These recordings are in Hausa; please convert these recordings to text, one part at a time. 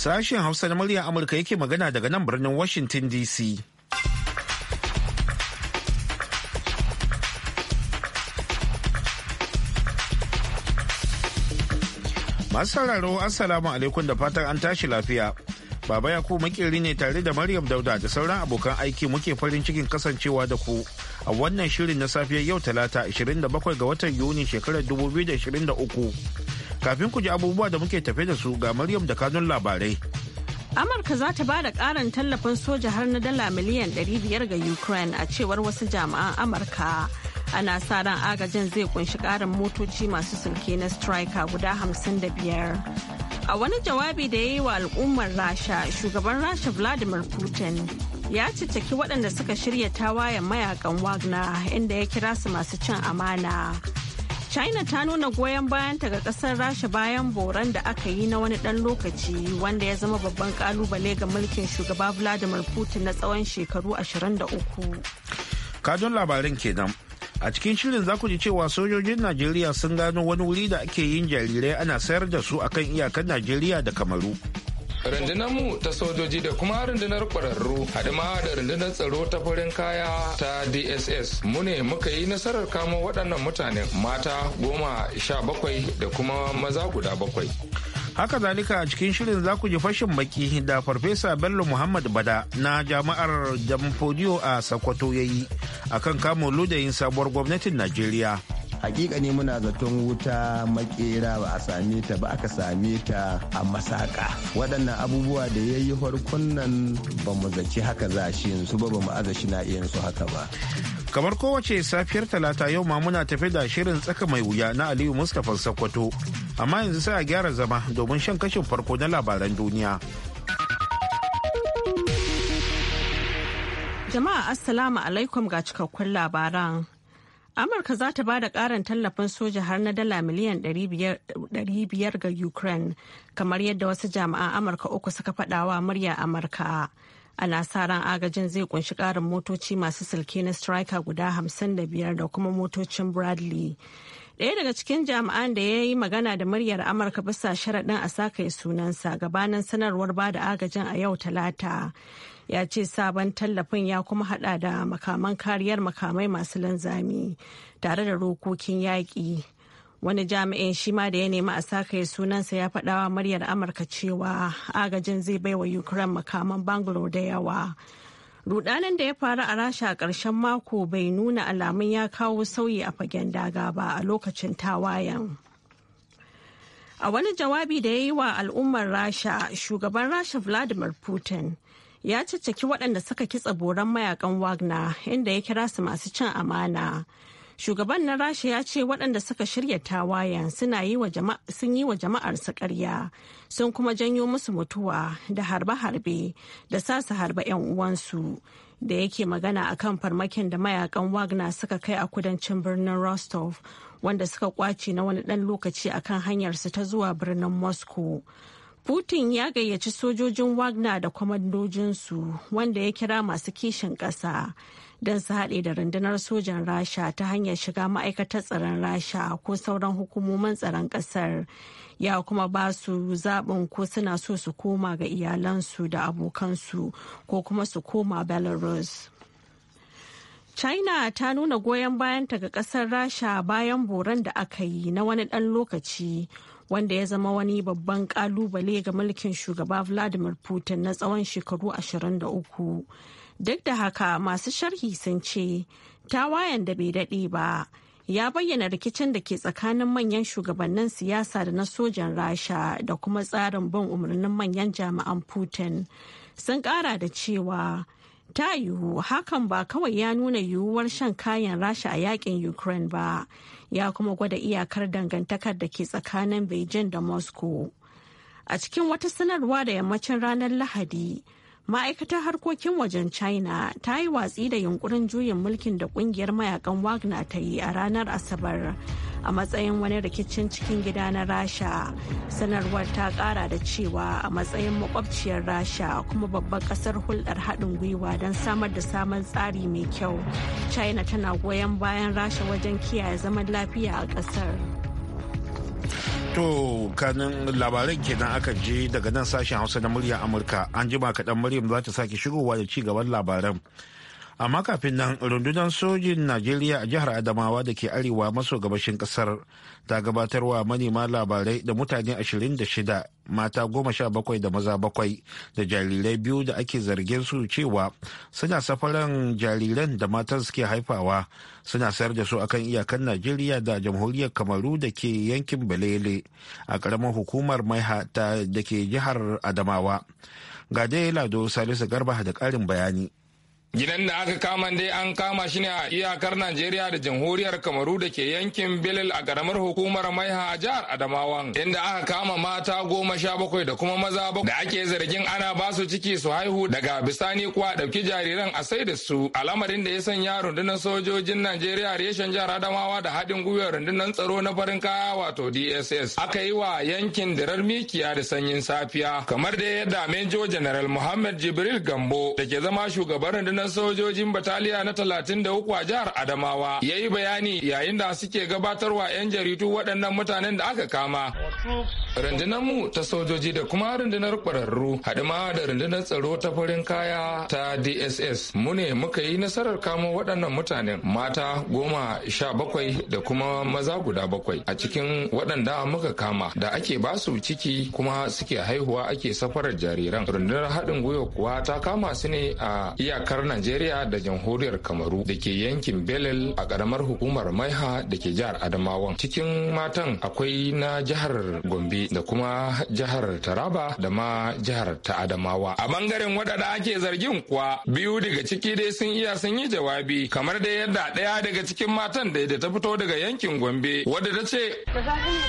Sashen Hausa na murya Amurka yake magana daga nan birnin Washington DC. Masu sauraro Assalamu alaikum da fatan an tashi lafiya. Baba Yakubu makeri ne tare da Maryam Dauda da sauran abokan aiki muke farin cikin kasancewa da ku a wannan shirin na safiyar yau talata 27 ga watan Yuni shekarar 2023. Kafin ku ji abubuwa da muke tafe da su ga Maryam da kanun labarai. Amurka za ta ba da ƙarin tallafin soja har na dala miliyan 500 ga Ukraine a cewar wasu jami'an Amurka. Ana sa ran agajin zai kunshi ƙarin motoci masu sulke na striker guda 55. A wani jawabi da ya yi wa al'ummar Rasha, shugaban Rasha Vladimir Putin ya cicciki waɗanda suka shirya tawayen mayakan Wagner inda ya kira su masu cin amana. China ta nuna goyon bayanta ga kasar Rasha bayan boran da aka yi na wani dan lokaci wanda ya zama babban kalubale ga mulkin shugaba Vladimir Putin na tsawon shekaru 23. Kajin labarin kenan. a cikin shirin za ku ji cewa sojojin najeriya sun gano wani wuri da ake yin jarirai ana sayar da su akan iyakar najeriya da kamaru rundunar mu ta sojoji da kuma rundunar kwararru haɗu ma da rundunar tsaro ta farin kaya ta dss mu ne muka yi nasarar kamo waɗannan mutane mata goma sha bakwai da kuma maza guda bakwai haka zalika a cikin shirin za ku ji fashin baki da farfesa bello muhammad bada na jami'ar jamfodiyo a sokoto ya yi akan kamo ludayin sabuwar gwamnatin najeriya hakika ne muna zaton wuta makera ba a same ta ba aka same ta a masaka waɗannan abubuwa da ya yi nan ba mu zaci haka za shi yanzu ba ba mu aza na iya su haka ba kamar kowace safiyar talata yau ma muna tafi da shirin tsaka mai wuya na aliyu mustapha sokoto amma yanzu sai a gyara zama domin shan kashin farko na labaran duniya jama'a assalamu alaikum ga cikakkun labaran Amurka za ta ba da ƙarin tallafin soja har na dala miliyan 500 ga Ukraine, kamar yadda wasu jami'an Amurka uku suka wa murya Amurka. Ana sa agajin zai kunshi ƙarin motoci masu silke na striker guda 55 da kuma motocin Bradley. Ɗaya daga cikin jami'an da ya yi magana da muryar Amurka bisa sharaɗin a sakaye sunansa gabanin sanarwar ba da agajin a yau talata. ya ce sabon tallafin ya kuma hada da makaman kariyar makamai masu linzami tare da rokokin yaƙi wani jami'in shi ma da ya nemi a saka ya sunansa ya faɗawa muryar amurka cewa agajin zai baiwa ukraine makaman bangalo da yawa rudanin da ya faru a rasha a ƙarshen mako bai nuna alamun ya kawo sauyi a fagen daga ba a lokacin tawayan a wani jawabi da ya yi wa al'ummar rasha shugaban rasha vladimir putin ya caccaki waɗanda suka kitsa boran mayakan wagner inda ya kira su masu cin amana shugaban na rasha ya ce waɗanda suka shirya tawayen sun yi wa jama'ar su ƙarya sun kuma janyo musu mutuwa da harbe-harbe da sa su harba 'yan uwansu da yake magana a kan farmakin da mayakan wagner suka kai a kudancin birnin rostov wanda suka kwace na wani ɗan lokaci akan hanyarsu ta zuwa birnin moscow Putin ya gayyaci sojojin Wagner da kwamandojinsu wanda ya kira masu kishin ƙasa don su haɗe da rundunar sojan Rasha ta hanyar shiga ma'aikatar tsaron Rasha ko sauran hukumomin tsaron ƙasar. Ya kuma ba su zaɓin ko suna so su koma ga iyalansu da abokansu ko kuma su koma Belarus. China ta nuna goyon bayanta ga ƙasar Rasha bayan boran da aka yi na wani ɗan lokaci. wanda ya zama wani babban kalubale ga mulkin shugaba vladimir putin na tsawon shekaru 23 duk da haka masu sharhi sun ce tawayen da bai daɗe ba ya bayyana rikicin da ke tsakanin manyan shugabannin siyasa da na sojan rasha da kuma tsarin bin umarnin manyan jami'an putin sun ƙara da cewa ta yiwu hakan ba kawai ya nuna yiwuwar shan kayan rasha a yakin ukraine ba ya kuma gwada iyakar dangantakar da ke tsakanin beijing da moscow a cikin wata sanarwa da yammacin ranar lahadi ma'aikatar harkokin wajen china ta yi watsi da yunkurin juyin mulkin da kungiyar mayakan wagner ta yi a ranar asabar a matsayin wani rikicin cikin gida na rasha sanarwar ta kara da cewa a matsayin makwabciyar rasha kuma babban kasar hulɗar haɗin gwiwa don samar da samun tsari mai kyau china tana goyon bayan rasha wajen kiyaye zaman lafiya a ƙasar to kanin labaran kenan aka je daga nan sashen hausa na murya amurka an jima kaɗan maryam za ta sake shigowa da ci gaban labaran amma kafin nan rundunar sojin najeriya a jihar adamawa da ke arewa maso gabashin kasar ta gabatar wa manema labarai da mutane 26 mata 17 da maza bakwai da jarirai biyu da ake zargin su cewa suna safaran jariran da matan suke haifawa suna sayar da su akan iyakan najeriya da jamhuriyar kamaru da ke yankin Belele, a karamar hukumar maiha da ke jihar adamawa ga dai lado salisu garba da karin bayani Gidan da aka kama dai an kama shi ne a iyakar Najeriya da jamhuriyar Kamaru da ke yankin Bilil a karamar hukumar Maiha a jihar Adamawan inda aka kama mata goma sha bakwai da kuma maza bakwai da ake zargin ana ba su ciki su haihu daga bisani kuwa ɗauki jariran a sai da su al'amarin da ya sanya rundunar sojojin Najeriya reshen jihar Adamawa da haɗin gwiwar rundunar tsaro na farin kaya wato DSS aka yi wa yankin dirar mikiya da sanyin safiya kamar da yadda Major General Muhammad Jibril Gambo da ke zama shugaban rundunar rundunar sojojin bataliya na 33 a jihar Adamawa ya yi bayani yayin da suke gabatarwa 'yan jaridu waɗannan mutanen da aka kama. Rundunar mu ta sojoji da kuma rundunar ƙwararru haɗima da rundunar tsaro ta farin kaya ta DSS mu ne muka yi nasarar kamo waɗannan mutanen mata goma sha bakwai da kuma maza guda bakwai a cikin waɗanda muka kama da ake basu ciki kuma suke haihuwa ake safarar jariran rundunar haɗin gwiwa kuwa ta kama su ne a iyakar najeriya da jamhuriyar kamaru da ke yankin belel a ƙaramar hukumar maiha da ke jihar adamawan cikin matan akwai na jihar gombe da kuma jihar taraba da ma jihar ta adamawa a bangaren waɗanda ake zargin kuwa biyu daga ciki dai sun iya sun yi jawabi kamar dai yadda ɗaya daga cikin matan da ta fito daga yankin gombe wadda ta ce da ya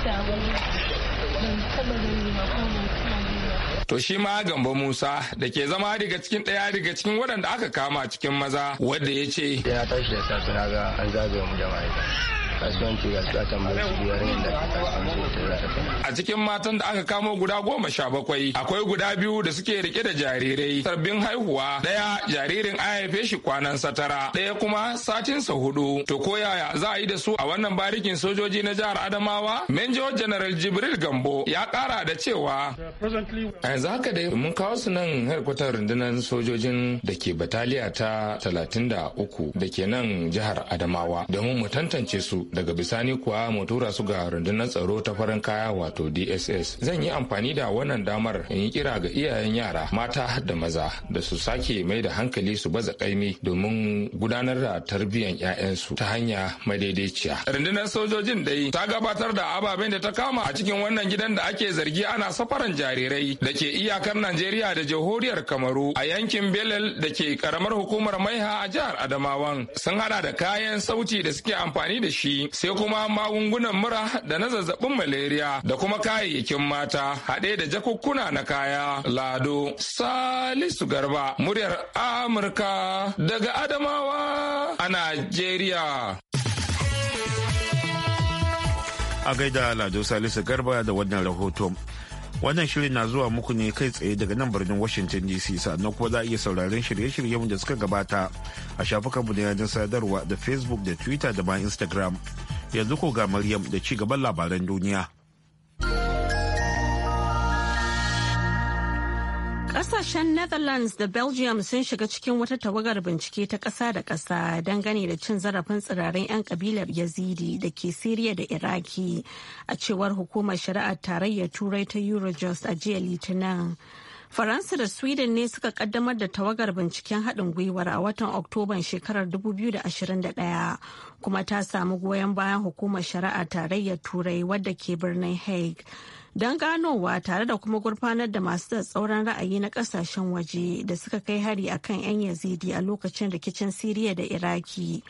shagon ban taɓa gani ba To shi ma Gambo Musa da ke zama daga cikin ɗaya daga cikin waɗanda aka kama cikin maza wadda ya ce. Ya tashi da safe na ga an zagaye mu da ma'aikata. A cikin matan da aka kamo guda goma sha bakwai akwai guda biyu da suke rike da jarirai sabbin haihuwa ɗaya jaririn an haife shi kwanan satara ɗaya kuma satin sa hudu to ko yaya za a yi da su a wannan barikin sojoji na jihar Adamawa Menjo General Jibril Gambo ya kara da cewa a yanzu haka dai mun kawo su nan harkutan rundunar sojojin da ke bataliya ta talatin da uku da ke nan jihar Adamawa domin mu tantance su daga bisani kuwa mu tura su ga rundunar tsaro ta farin kaya wato dss zan yi amfani da wannan damar in yi kira ga iyayen yara mata da maza da su sake mai da hankali su baza kaimi domin gudanar da tarbiyyar 'ya'yansu ta hanya madaidaiciya rundunar sojojin dai ta gabatar da ababen da ta kama a cikin wannan gidan da ake zargi ana safaran jarirai da ke iyakar najeriya da jamhuriyar kamaru a yankin belel da ke karamar hukumar maiha a jihar adamawan sun hada da kayan sauti da suke amfani da shi sai kuma magungunan mura da na zazzabin malaria da kuma kayayyakin mata haɗe da jakukkuna na kaya lado salisu garba muryar amurka daga adamawa a najeriya a gaida lado salisu garba da wannan rahoton Wannan shirin na zuwa muku ne kai tsaye daga nan birnin Washington DC sannan kuma za a iya sauraron shirye-shiryen da suka gabata a shafukan na yanar sadarwa da Facebook da Twitter da ma Instagram. Yanzu ko ga Maryam da ci gaban labaran duniya. Kasashen Netherlands da Belgium sun shiga cikin wata tawagar bincike ta ƙasa da ƙasa dangane da cin zarafin tsirarin 'yan ƙabilar Yazidi da ke Syria da Iraki a cewar hukumar shari'ar tarayyar Turai ta Eurojust a jiya Litinin. Faransa da Sweden ne suka kaddamar da tawagar binciken haɗin gwiwar a watan Oktoban shekarar 2021 kuma ta samu goyon bayan hukumar shari'a tarayyar Turai wadda ke birnin Hague. don ganowa tare da kuma gurfanar da masu tsauran ra'ayi na kasashen waje da suka kai hari a kan 'yan yazidi a lokacin rikicin siriya da iraki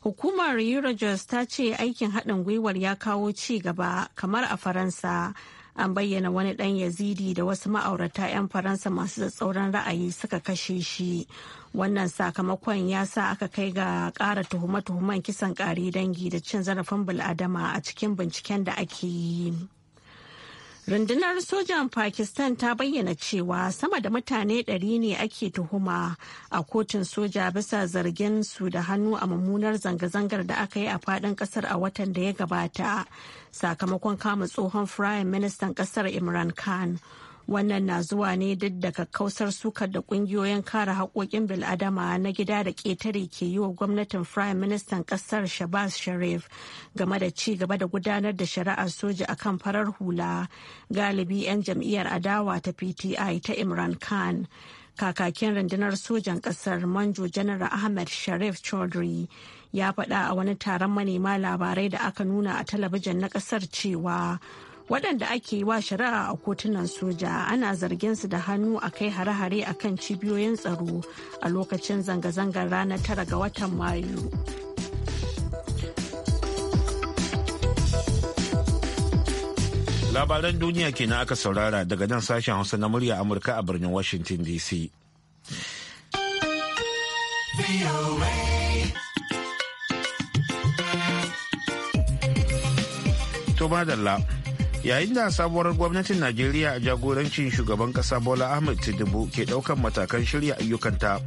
hukumar eurojust ta ce aikin haɗin gwiwar ya kawo ci gaba kamar a faransa an bayyana wani ɗan yazidi da wasu ma'aurata 'yan faransa masu tsauran ra'ayi suka kashe shi wannan sakamakon ya sa aka kai ga ƙara tuhuma-tuhuman kisan ƙari dangi da cin zarafin bil'adama a cikin binciken da ake yi. Rundunar sojan Pakistan ta bayyana cewa sama da mutane ɗari ne ake tuhuma a kotun soja bisa zargin su da hannu a mummunar zanga-zangar da aka yi a faɗin ƙasar a watan da ya gabata sakamakon kama tsohon firayim ministan ƙasar Imran Khan. Wannan na zuwa ne duk da kakkausar sukar da kungiyoyin kare haƙoƙin bil'adama na gida da ƙetare ke yi wa gwamnatin Prime Ministan ƙasar Shabazz Sharif game da ci gaba da gudanar da shari'ar soja a kan farar hula galibi 'yan jam'iyyar adawa ta PTI ta Imran Khan. Kakakin rundunar sojan ƙasar Manjo Janar Ahmed Sharif Chaudhry ya faɗa a wani taron manema labarai da aka nuna a talabijin na ƙasar cewa waɗanda ake wa shari'a a kotunan soja ana zargin su da hannu a kai hare-hare a kan cibiyoyin tsaro a lokacin zanga-zangar ranar tara ga watan mayu labaran duniya kenan aka saurara daga nan sashen hausa na murya amurka a birnin washington dc to madalla yayin da sabuwar gwamnatin najeriya a jagorancin shugaban kasa bola ahmed tinubu ke daukan matakan shirya ayyukanta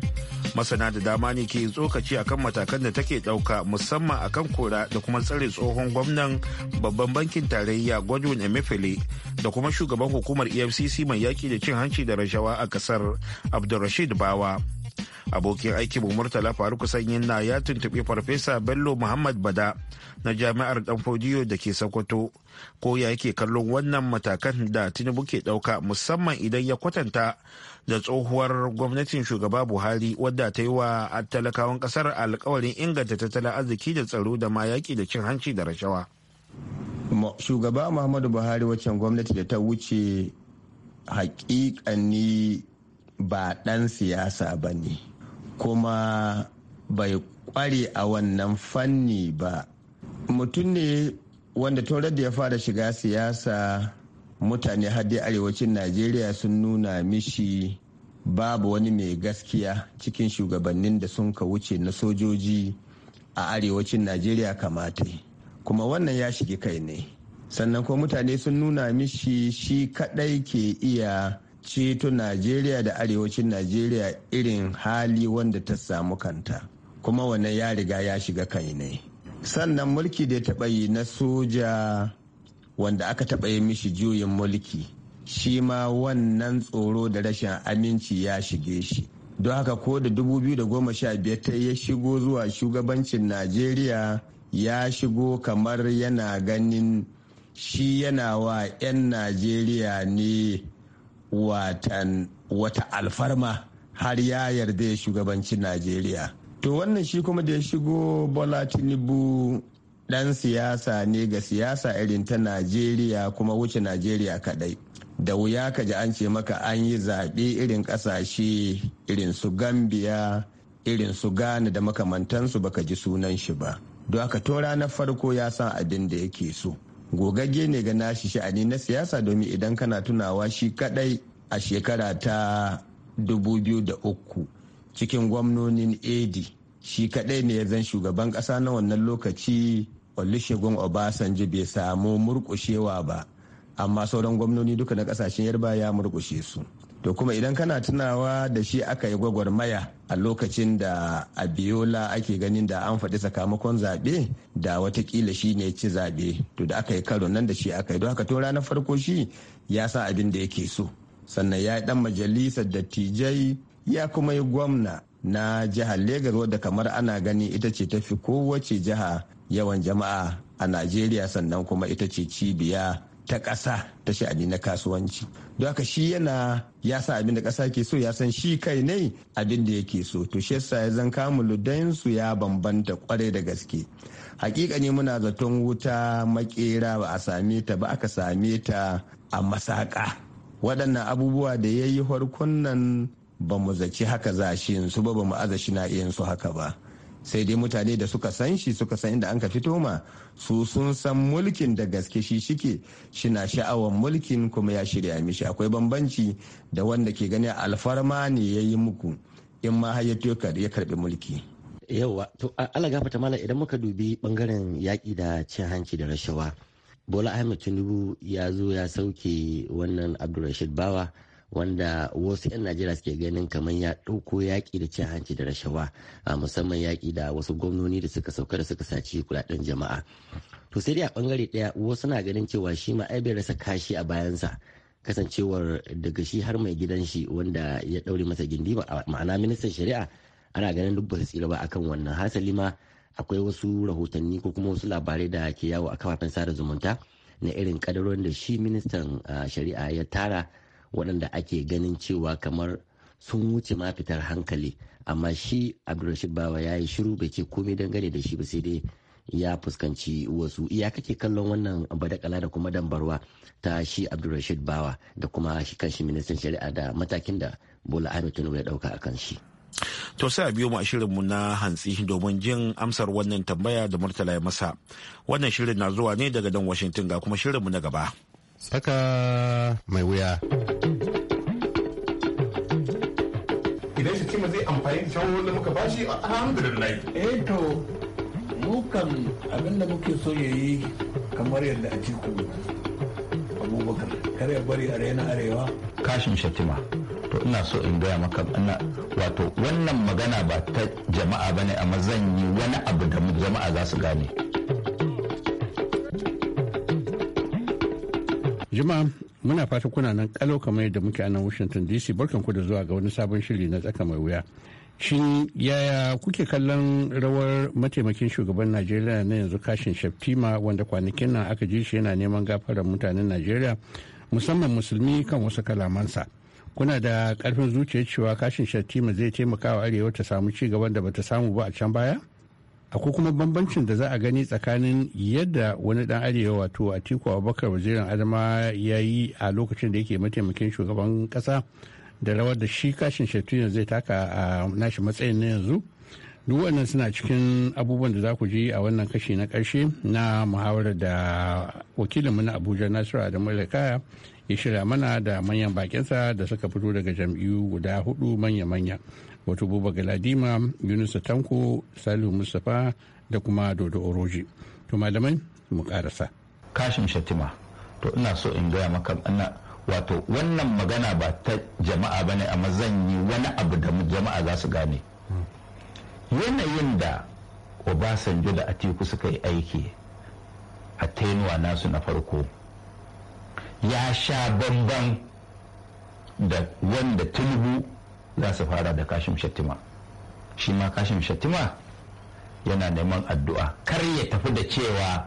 masana da dama ne ke tsokaci akan matakan da take dauka musamman akan kora da kuma tsare tsohon gwamnan babban bankin tarayya godwin emefiele da kuma shugaban hukumar efcc mai yaki da cin hanci da rashawa a kasar abdulrashid bawa abokin aiki murtala faruk sanyin na ya tuntuɓe farfesa bello muhammad bada na jami'ar dan fodiyo da ke sokoto ko ya yake kallon wannan matakan da tinubu ke ɗauka musamman idan ya kwatanta da tsohuwar gwamnatin shugaba buhari wadda ta yi wa talakawan ƙasar alkawarin inganta tattalin arziki da tsaro da ma yaƙi da cin hanci da rashawa shugaba muhammadu buhari waccan gwamnati da ta wuce hakikani ba ɗan siyasa ba ne kuma bai kware a wannan fanni ba mutum ne wanda taurar da ya fara shiga siyasa mutane dai arewacin najeriya sun nuna mishi babu wani mai gaskiya cikin shugabannin da sun ka wuce na sojoji a arewacin najeriya kamata kuma wannan ya shigi kai ne sannan kuma mutane sun nuna mishi shi kadai ke iya ceto najeriya da arewacin najeriya irin hali wanda ta samu kanta kuma wannan ya riga ya shiga kai ne sannan mulki da ya taɓa yi na soja wanda aka taɓa yi mishi juyin mulki shi ma wannan tsoro da rashin aminci ya shige shi don haka ko da 2015 ta ya shigo zuwa shugabancin najeriya ya shigo kamar yana ganin shi yana wa 'yan najeriya ne watan wata alfarma har ya yarda ya shugabanci najeriya to wannan shi kuma da ya shigo bola tinubu dan siyasa ne ga siyasa irin ta najeriya kuma wuce najeriya kadai da wuya ka ji an ce maka an yi zaɓe irin ƙasashe irin su gambia irin su ghana da makamantansu baka ji sunan shi ba don haka to ranar farko ya san abin da yake so gogagge ne ga nashi sha'ani na siyasa domin idan kana tunawa shi kadai a shekara ta 2003 cikin gwamnonin ad shi kadai ne ya zan shugaban kasa na wannan lokaci olusegun obasanji bai samu murkushewa ba amma sauran gwamnoni duka na kasashen yarba ya murkushe su to kuma idan kana tunawa da shi aka yi gwagwarmaya a lokacin da abiola ake ganin da an faɗi sakamakon zaɓe da watakila shi ne ci zaɓe to da aka yi karo nan da shi aka yi don haka to ranar farko shi ya sa abin da yake so sannan ya yi ɗan majalisar dattijai ya kuma yi gwamna na jihar Legas wadda kamar ana gani ita ce tafi kowace jiha yawan jama'a a Najeriya sannan kuma ita ce cibiya ta ƙasa ta sha'ani na kasuwanci don haka shi yana ya sa abin da ƙasa ke so ya san shi kai ne abin da yake so to shi yasa ya zan kamun su ya bambanta kwarai da gaske hakika ne muna zaton wuta makera ba a same ta ba aka same ta a masaka waɗannan abubuwa da ya yi farkon nan ba mu zaci haka za shi su ba ba mu aza na iyansu haka ba sai dai mutane da suka san shi suka san inda an ka fito ma su sun san mulkin da gaske shi shike shina sha'awar mulkin kuma ya shirya mishi akwai bambanci da wanda ke gani alfarma ne ya yi muku in ma har ya karbi mulki yauwa to ala gafata mala idan muka dubi bangaren yaƙi da cin hanci da rashawa bola ahmed tinubu ya zo ya sauke wannan abdulrashid bawa wanda wasu 'yan najeriya suke ganin kamar ya ɗauko yaƙi da cin hanci da rashawa a musamman yaƙi da wasu gwamnoni da suka sauka da suka saci kuɗaɗen jama'a to sai dai a bangare ɗaya wasu na ganin cewa shi ma ai bai rasa kashi a bayansa kasancewar daga shi har mai gidan shi wanda ya ɗaure masa gindi ma'ana ministan shari'a ana ganin duk ba su tsira ba akan wannan hasali ma akwai wasu rahotanni ko kuma wasu labarai da ke yawo a kafafen sada zumunta na irin kadarorin da shi ministan shari'a ya tara waɗanda ake ganin cewa kamar sun wuce ma fitar hankali amma shi abdulrashid bawa ya yi shiru bai ce komai dangane da shi ba sai dai ya fuskanci wasu iya kake kallon wannan badakala da kuma dambarwa ta shi abdulrashid bawa da kuma shi kanshi ministan shari'a da matakin da bola ahmed tinubu ya dauka a kan shi to sai a biyo mu mu na hantsi domin jin amsar wannan tambaya da murtala ya masa wannan shirin na zuwa ne daga dan washington ga kuma shirin mu na gaba tsaka mai wuya. Idan shi cima zai amfani da shawarar da muka bashi a alhamdulillah. Eh to, mu kan abin da muke so ya yi kamar yadda a ciku abubakar kar ya bari a raina arewa. Kashin Shatima, to ina so in gaya maka ina wato wannan magana ba ta jama'a bane amma zan yi wani abu da jama'a za su gane. Juma'a muna fata kuna nan kalau kamar yadda muke a nan Washington DC ku da zuwa ga wani sabon shiri na tsaka mai wuya. Shin yaya kuke kallon rawar mataimakin shugaban Najeriya na yanzu kashin Shaftima wanda kwanakin nan aka ji shi yana neman gafarar mutanen Najeriya musamman musulmi kan wasu kalamansa. Kuna da karfin zuciya cewa kashin Shaftima zai taimaka wa Arewa ta samu ci gaban da bata samu ba a can baya? akwai kuma bambancin da za a gani tsakanin yadda wani dan arewa wato atiku abubakar wazirin adama ya yi a lokacin da yake mataimakin shugaban kasa da rawar da shi kashin shatuna zai taka a nashi matsayin na yanzu duk wannan suna cikin abubuwan da za ku ji a wannan kashi na karshe na muhawarar da wakilinmu na abuja nasiru adamu kaya ya shirya mana da manyan bakinsa da suka fito daga jam'iyyu guda hudu manya-manya wato buba galadima yunusa tanko salihu mustapha da kuma dodo oroji to malamai mu karasa kashim shatima to ina so in gaya maka ina wato wannan magana ba ta jama'a bane ne amma zan yi wani abu da jama'a za su gane yanayin da obasanjo da atiku suka yi aiki a tainuwa nasu na farko ya sha bamban da wanda tinubu za su fara da kashim shattima shi ma kashim shattima yana neman addu'a kar ya tafi da cewa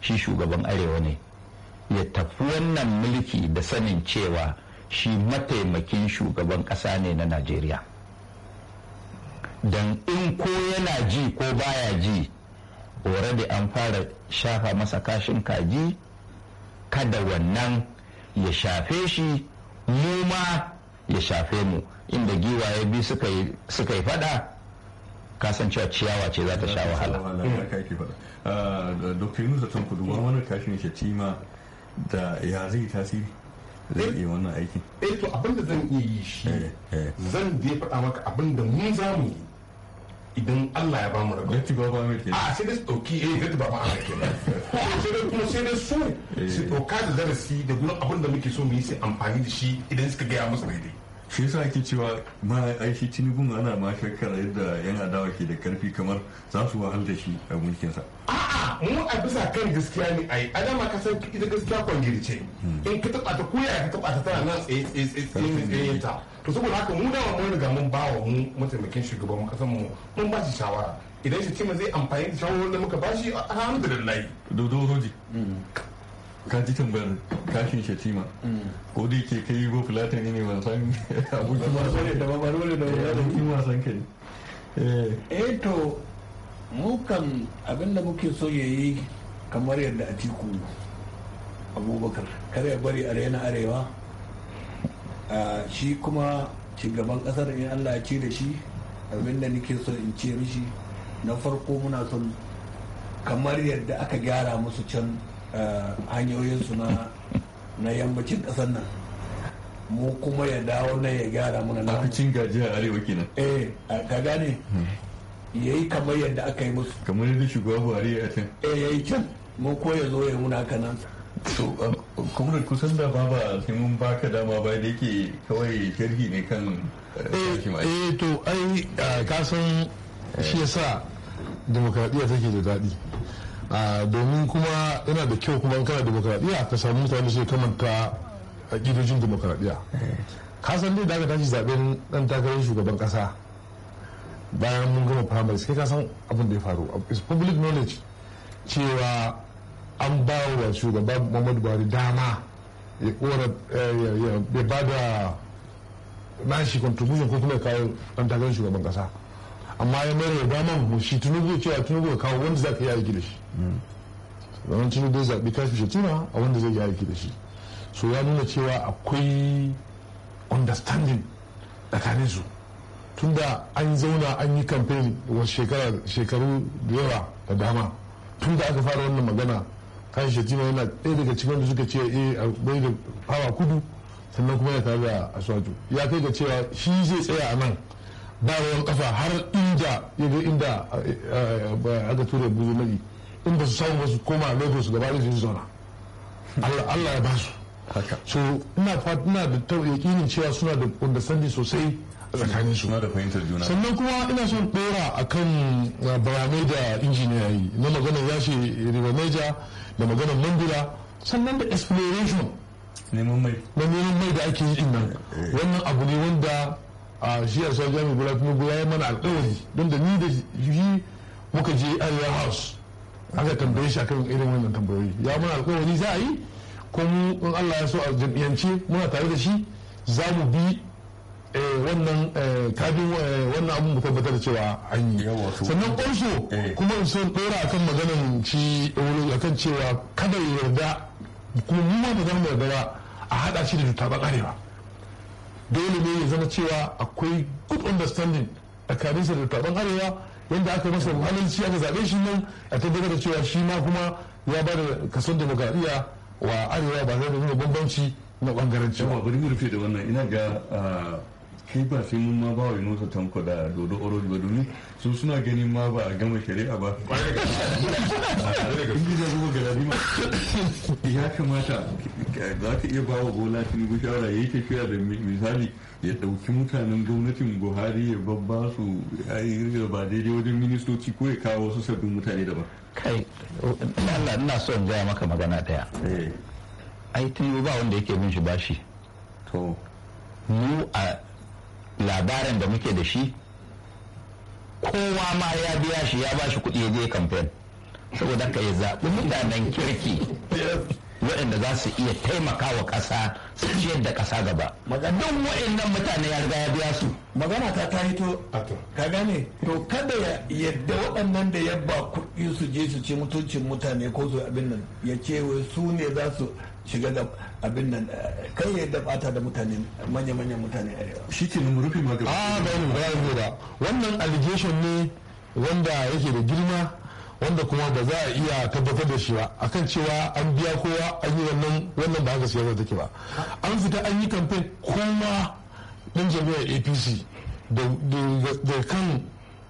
shi shugaban arewa ne ya tafi wannan mulki da sanin cewa shi mataimakin shugaban ƙasa ne na najeriya don in ko yana ji ko baya ji da an fara shafa masa kashin kaji kada wannan ya shafe shi mu ma ya shafe mu inda giwaye biyu suka yi fada kasancewa ciyawa ce za ta sha wahala ah, wani shatima da ya zai tasiri zai iya wannan aikin eh to abinda zan iya yi shi eh, eh. zan dai faɗa maka abinda mun zamu yi idan Allah ya bamu rabo gati ba ba mu ke a sai dai dauki eh gati ba ba mu ke sai dai kuma sai dai su eh. su dauka da darasi da gurin abin da muke so mu yi sai amfani da shi idan suka gaya musu daidai shi yasa ake cewa ma shi tinubun ana ma shakkar yadda yan adawa ke da karfi kamar za su wahal da shi a mulkinsa a'a a'a mu a bisa kan gaskiya ne ai adama ka san ita gaskiya kwangiri ce in ka taba ta koya ka taba ta tana nan a ta to saboda haka mu dama mun riga mun bawa mu mataimakin shugaban kasan mu mun ba shi shawara idan shi cima zai amfani da shawarar da muka bashi alhamdulillah dodo roji ka ji tambayar kashin shatima ko da yake kai go filatani ne ba san abokin wasan da ba ba da ba da eh, wasan kai eh. eh to mukan abinda muke so ya yi kamar yadda atiku abubakar kar ya bari arena arewa shi kuma cigaban kasar in allah ce da shi abinda nake so in ce mishi na farko muna son kamar yadda aka gyara musu can hanyoyinsu na yammacin kasar nan mu kuma ya dawo na ya gyara muna na cin gajiya arewa kenan eh ka gane hmm. ya yi kamar yadda aka yi musu kamar yadda shugaba buhari ya can e eh, ya yi can mu ko ya zo ya muna kanan to kuma kusan da ba ba sai mun baka dama ba da yake kawai jirgi ne kan eh, eh, eh to ai kasan shi yasa demokradiyya take da daɗi domin kuma yana da kyau kuma kana demokradiyya ka samu mutane su kamanta a gidajen demokradiyya kasan dai da aka tashi zaɓen ɗan takarar shugaban ƙasa bayan mun gama primary sai ka san abin da ya faru is public knowledge cewa an ba wa shugaba muhammadu buhari dama ya kora eh, ya ba da nashi contribution ko kuma ya kawo dan takarar shugaban kasa amma ya mai da daman mu shi tunubu cewa tunubu ya kawo wanda za ka yi aiki da shi zaman tunubu ya zaɓi kashi shatima a wanda zai yi aiki da shi so ya nuna cewa akwai understanding tsakanin su tunda an zauna an yi kamfen wasu shekaru da yawa da dama tunda aka fara wannan magana kan shi yana ɗaya daga cikin da suka ce eh, a bai da hawa kudu sannan kuma ya tare da aswaju ya kai ga cewa shi zai tsaya a nan ba ruwan kafa har inda ya ga inda eh, eh, aka ture buzu mari inda su samu su koma lagos gaba da su zauna allah ya ba su so ina da yakinin cewa suna da understanding sosai tsakanin sannan kuma ina son dora akan uh, bayanai da injiniya yi na maganar yashi meja da maganar mandula sannan da exploration mai na neman mai da ake yi nan wannan abu ne wanda a shi a sa jami bula kuma ya mana alkawari don da ni da shi muka je area house aka tambaye shi akan irin wannan tambayoyi ya mana alkawari za a yi kuma in allah ya so a jam'iyyance muna tare da shi za mu bi Eh, wannan eh, kafin eh, wannan abin mu tabbatar da cewa an yi sannan also kuma in ɗora dora akan maganan ci akan cewa kada ya yarda kuma mu ma mu yarda ba a haɗa shi da cuta ba dole ne ya zama cewa akwai good understanding tsakaninsa da taɓon arewa yadda aka masa halarci aka zaɓe shi nan a tabbatar da cewa shi ma kuma ya ba da kason demokradiyya wa arewa ba zai da nuna bambanci na ɓangaren cewa. bari mu rufe da wannan ina ga ah, kai ba sai mun ma ba wa nusa tanko da dodo oroji ba domin su suna ganin ma ba a gama shari'a ba in gida zuwa ya kamata za ka iya ba wa bola tinubu shawara ya yi tafiya da misali ya ɗauki mutanen gwamnatin buhari ya babba su ya ba daidai wajen ministoci ko ya kawo wasu sabbin mutane daban kai Allah ina son gaya maka magana daya eh. ai tinubu ba wanda yake bin shi bashi to mu a labarin da muke da shi kowa ma ya biya shi ya ba shi kuɗi ya je kamfen saboda ka ya zaɓi mutanen kirki waɗanda za su iya taimaka wa ƙasa su ciyar da ƙasa gaba don waɗannan mutane ya riga ya biya su magana ta ta hito ka gane to kada ya yadda waɗannan da ya kuɗi su je su ci mutuncin mutane ko su abin nan ya ce wai su ne za su shiga da abin nan kan ya da bata da mutane manya-manyan mutane arewa shi ke mu rufi magana ah, a ba ni ba wannan allegation ne wanda yake da girma wanda kuma ba za a iya tabbatar da shi ba akan cewa an biya kowa an yi wannan wannan ba haka siyasa take ba an fita an yi kamfe kuma dan jami'ar apc da kan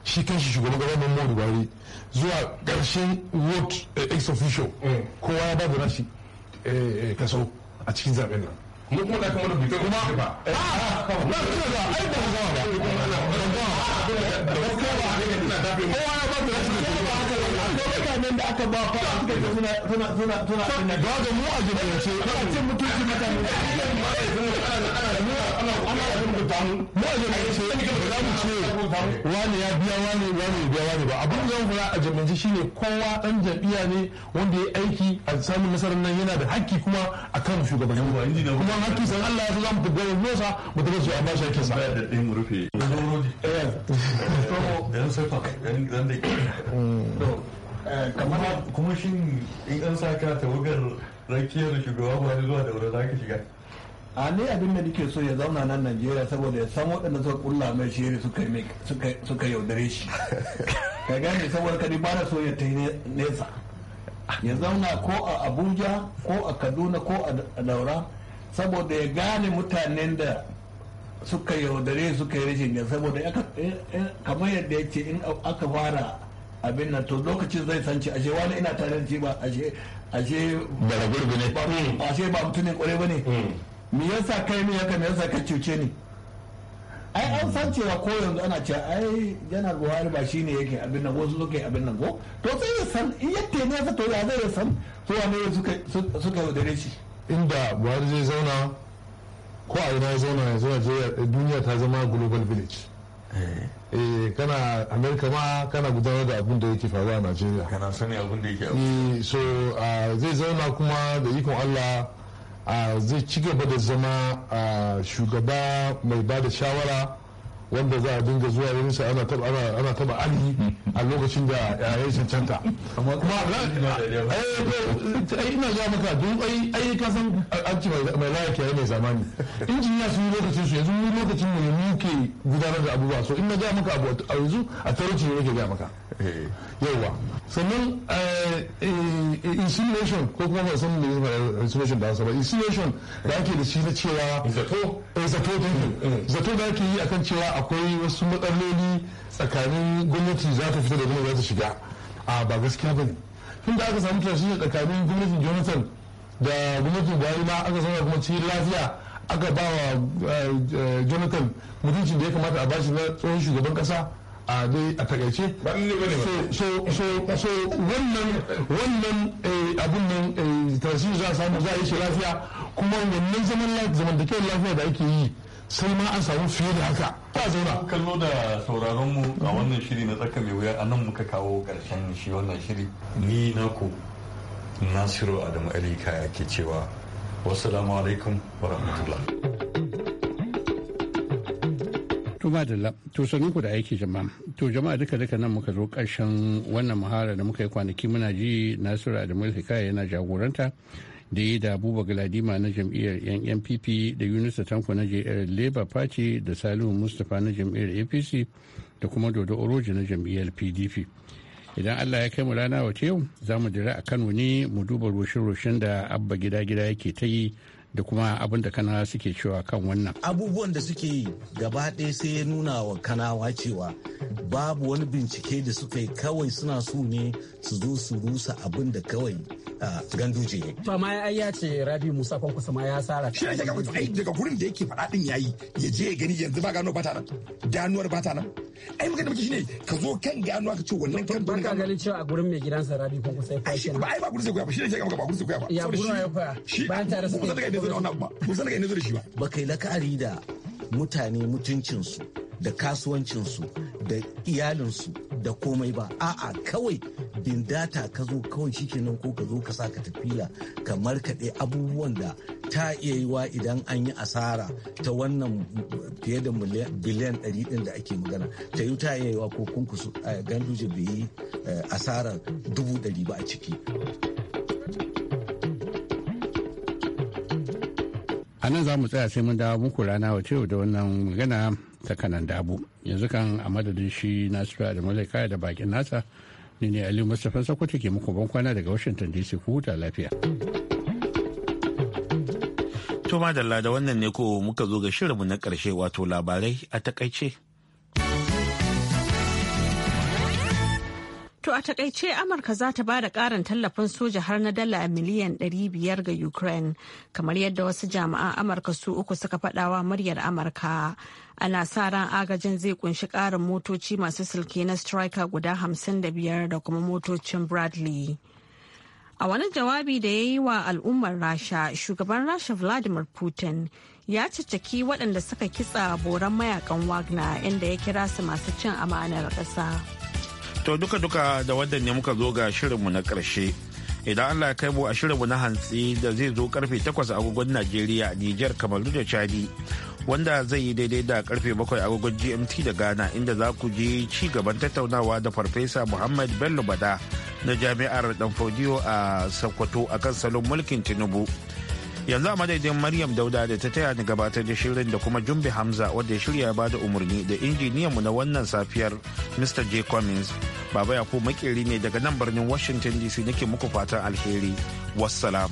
shi kan shi shugaban gaba Muhammadu Buhari zuwa ƙarshen vote eh, ex officio mm. kowa ya ba da nashi kaso a cikin zaben nan mu da kuma rubuta kuma ba a na da ai ba ba ba da ba ya ba da rashin da ba da da aka ba fa a jibance ana a jibance ba ga mu wani ya biya wani wani ya biya wani ba abin zan fara a jami'ai shine kowa dan jam'iyya ne wanda ya aiki a samun nasarar nan yana da hakki kuma a kan ne kuma hakki san Allah ya sa zamu wani nosa mu tabbata su an ba shi hakkin sa da ɗin mu rufe yan eh. sefa yan dan da eh, kamar kuma shin in an saka tawagar rakiyar shugaba ba zuwa da wurin zaka shiga a ne abin da nake so ya zauna nan najeriya saboda ya san waɗanda suka kulla mai shiri suka yaudare shi ka gane saboda kadi ba da so ya ta nesa ya zauna ko a abuja ko a kaduna ko a daura saboda ya gane mutanen da suka yaudare suka yi rashin saboda kamar yadda ya ce in aka fara abin nan to lokacin zai sanci ashe wani ina tare da ba ashe ba ashe ba mutumin kwarai ba ne hmm. me yasa kai ne haka me yasa ka cuce ni ai an san cewa ko yanzu ana cewa ai janar buhari ba shine yake abin nan wasu suke abin nan ko to sai ya san in yadda tene ya to ya zai ya san to wane suka suka yaudare shi inda buhari zai zauna ko a ina ya zauna yanzu a duniya ta zama global village eh, eh kana amerika ma kana gudanar da abin da yake faru a nigeria kana sani abin da yake eh, so ah, zai zauna kuma da ikon allah zai ci gaba da zama shugaba mai ba da shawara wanda za a dinga zuwa wurinsa ana taba ana taba ali a lokacin da yayin cancanta kuma ai ina eh, eh, eh, ga maka duk ai ai ka san ci mai lafiya yayi mai zamani injiniya sun lokacin su yanzu mu lokacin mu ne muke gudanar da abubuwa so in na ga maka abu a yanzu a tarihi ne nake ga maka Eh. yawa sannan eh, eh, insinuation ko kuma ba san me insinuation da hausa ba insinuation da ake da shi na cewa zato zato zato da ake yi akan cewa akwai wasu matsaloli tsakanin gwamnati za ta fita da gwamnati za ta shiga a ba gaskiya ba ne tun da aka samu tashi tsakanin gwamnatin jonathan da gwamnatin buhari ma aka samu kuma cikin lafiya aka ba wa jonathan mutuncin da ya kamata a bashi na tsohon shugaban kasa a dai a takaice so so so wannan wannan eh, abun nan eh, tarsi za a samu za a yi shi lafiya kuma wannan zaman lafiya zamantakewar lafiya da ake yi sai ma an samu fiye da haka ta zauna kallo da sauraron mu a wannan shiri na tsaka mai wuya a nan muka kawo karshen shi wannan shiri ni na ku. nasiru adamu ali kaya ke cewa wasu alaikum wa rahmatullah To da to sanin ku da aiki jama'a. To jama'a duka duka nan muka zo ƙarshen wannan muhara da muka yi kwanaki muna ji Nasiru Adamu Hikaya yana jagoranta da yi da Abuba Galadima na jam'iyyar NNPP da Yunusa Tanko na jam'iyyar Labour Party da Salihu Mustapha na jam'iyyar APC da kuma Dodo Oroji na jam'iyyar PDP. Idan Allah ya kai mu rana wata yau za mu dira a Kano ne mu duba roshin-roshin da Abba gida-gida yake ta yi da kuma abin da kana suke cewa kan wannan abubuwan da suke yi gaba ɗaya sai ya nuna wa kanawa cewa babu wani bincike da suka yi kawai suna so ne su zo su rusa abin da kawai ganduje ne. To amma ai ya ce Rabi Musa kusa ma ya sara. Shi ne daga ai daga gurin da yake faɗaɗin din yayi ya je ya gani yanzu ba gano ba ta nan. Ganuwar ba ta nan. Ai da muke shine ka zo kan ganuwa ka ce wannan kan ba ka ganin cewa a gurin mai gidansa Rabi kusa ya kwashe. Ba ai ba gurin sai koya ba shi ne ga ba gurin sai koya ba. Ya gurin ya koya. Bayan tare suke. Musa daga inda zai wannan ba. Musa daga inda zai shi ba. Ba kai ari da mutane mutuncinsu da kasuwancinsu da iyalinsu da komai ba a'a kawai in data ka zo kawai shikenan ko ka zo ka sa ka tafiya kamar kaɗai abubuwan da ta iya yi wa idan an yi asara ta wannan fiye da biliyan 100 ɗin da ake magana ta yi ta iya yi wa ko kunkusu ganduje bai yi asara dubu ɗari ba a ciki a nan za mu tsaya sai mun dawo muku rana wa da wannan magana ta kanan dabu yanzu kan a madadin shi nasu da malaka da bakin nasa ni ne aliyu mustapha sakwato ke muku ban kwana daga washington dc ku huta lafiya to madalla da wannan ne ko muka zo ga shirinmu na karshe wato labarai a takaice a takaice Amurka za ta ba da karin tallafin soja har na dala miliyan 500 ga Ukraine, kamar yadda wasu jami'an Amurka su uku suka fadawa muryar Amurka. Ana sa ran agajin zai kunshi karin motoci masu silke na striker guda 55 da kuma motocin Bradley. A wani jawabi da ya yi wa al'ummar Rasha, shugaban Rasha Vladimir Putin ya caccaki waɗanda suka kitsa boran mayakan Wagner inda ya kira su masu cin amanar ƙasa. To duka-duka da wadda ne muka zo ga shirinmu na ƙarshe. Idan Allah ya kai mu a shirinmu na hantsi da zai zo karfe 8 agogon Najeriya, Nijar, Kamaru da Chadi. Wanda zai yi daidai da karfe 7 agogon GMT da Ghana inda za ku je ci gaban tattaunawa da Farfesa Muhammad Bello Bada na Jami'ar Danfodiyo a Sokoto akan salon mulkin Tinubu. yanzu a madadin maryam dauda da ta taya ni gabatar da shirin da kuma jumbe hamza wadda ya shirya ba da umarni da injiniyanmu na wannan safiyar mr j cummins baba yakubu makeri ne daga nan birnin washington dc nake muku fatan alheri wassalam